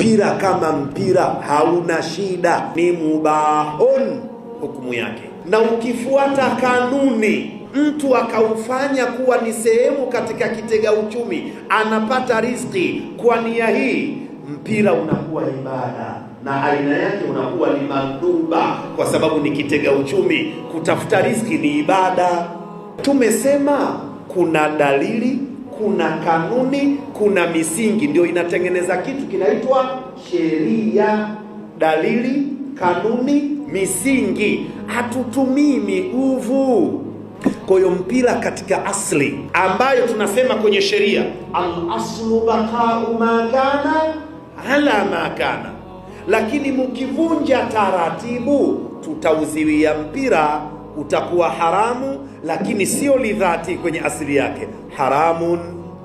Mpira kama mpira hauna shida, ni mubahon hukumu yake, na ukifuata kanuni mtu akaufanya kuwa ni sehemu katika kitega uchumi, anapata riziki kwa nia hii, mpira unakuwa ibada na aina yake unakuwa ni manduba, kwa sababu ni kitega uchumi. Kutafuta riziki ni ibada. Tumesema kuna dalili kuna kanuni, kuna misingi, ndio inatengeneza kitu kinaitwa sheria. Dalili, kanuni, misingi. Hatutumii miguvu. Kwa hiyo mpira katika asli ambayo tunasema kwenye sheria, al aslu bakau ma kana ala ma kana, lakini mkivunja taratibu tutauziwia mpira utakuwa haramu, lakini sio lidhati kwenye asili yake, haramun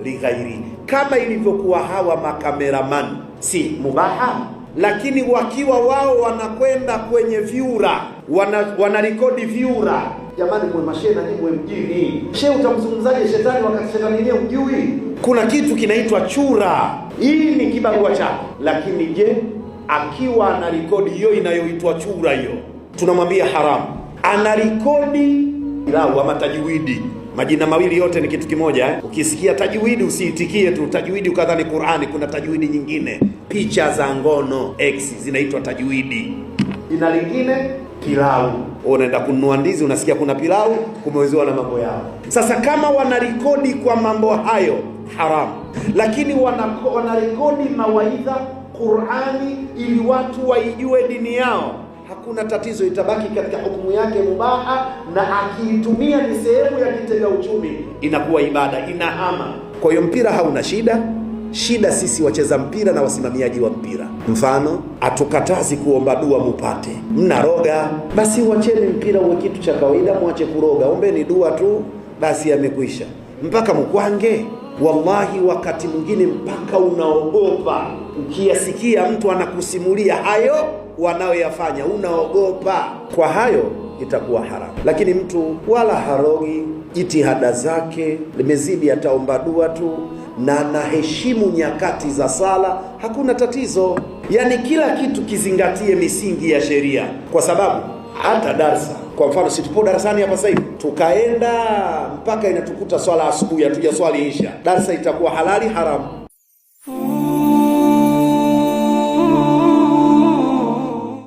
lighairi, kama ilivyokuwa hawa makameraman si mubaha, lakini wakiwa wao wanakwenda kwenye vyura wanarekodi wana vyura Jamani, mwe mashe na mwe mjini. She utamzungumzaje shetani wakati shetani yenyewe hujui? Kuna kitu kinaitwa chura, hii ni kibarua chako. Lakini je, akiwa ana hiyo inayoitwa chura, hiyo tunamwambia haramu rekodi lau ama tajwidi majina mawili yote ni kitu kimoja eh? Ukisikia tajwidi usiitikie tu tajwidi ukadhani Qur'ani. Kuna tajwidi nyingine, picha za ngono X zinaitwa tajwidi. Jina lingine pilau. Unaenda kununua ndizi, unasikia kuna pilau, kumewezewa na mambo yao. Sasa kama wanarekodi kwa mambo hayo haramu, lakini wanarekodi mawaidha Qur'ani ili watu waijue dini yao hakuna tatizo, itabaki katika hukumu yake mubaha, na akiitumia ni sehemu ya kitega uchumi, inakuwa ibada, inahama. Kwa hiyo mpira hauna shida. Shida sisi wacheza mpira na wasimamiaji wa mpira. Mfano, hatukatazi kuomba dua mupate, mnaroga basi, wacheni mpira uwe kitu cha kawaida, mwache kuroga, ombeni dua tu basi, yamekwisha mpaka mkwange Wallahi, wakati mwingine mpaka unaogopa ukiyasikia mtu anakusimulia hayo wanayoyafanya, unaogopa. Kwa hayo itakuwa haramu, lakini mtu wala harogi, jitihada zake limezidi, ataomba dua tu na naheshimu nyakati za sala, hakuna tatizo. Yani kila kitu kizingatie misingi ya sheria, kwa sababu hata darsa. Kwa mfano, si tupo darasani hapa sasa hivi, tukaenda mpaka inatukuta swala asubuhi, hatuja swali isha, darsa itakuwa halali haramu?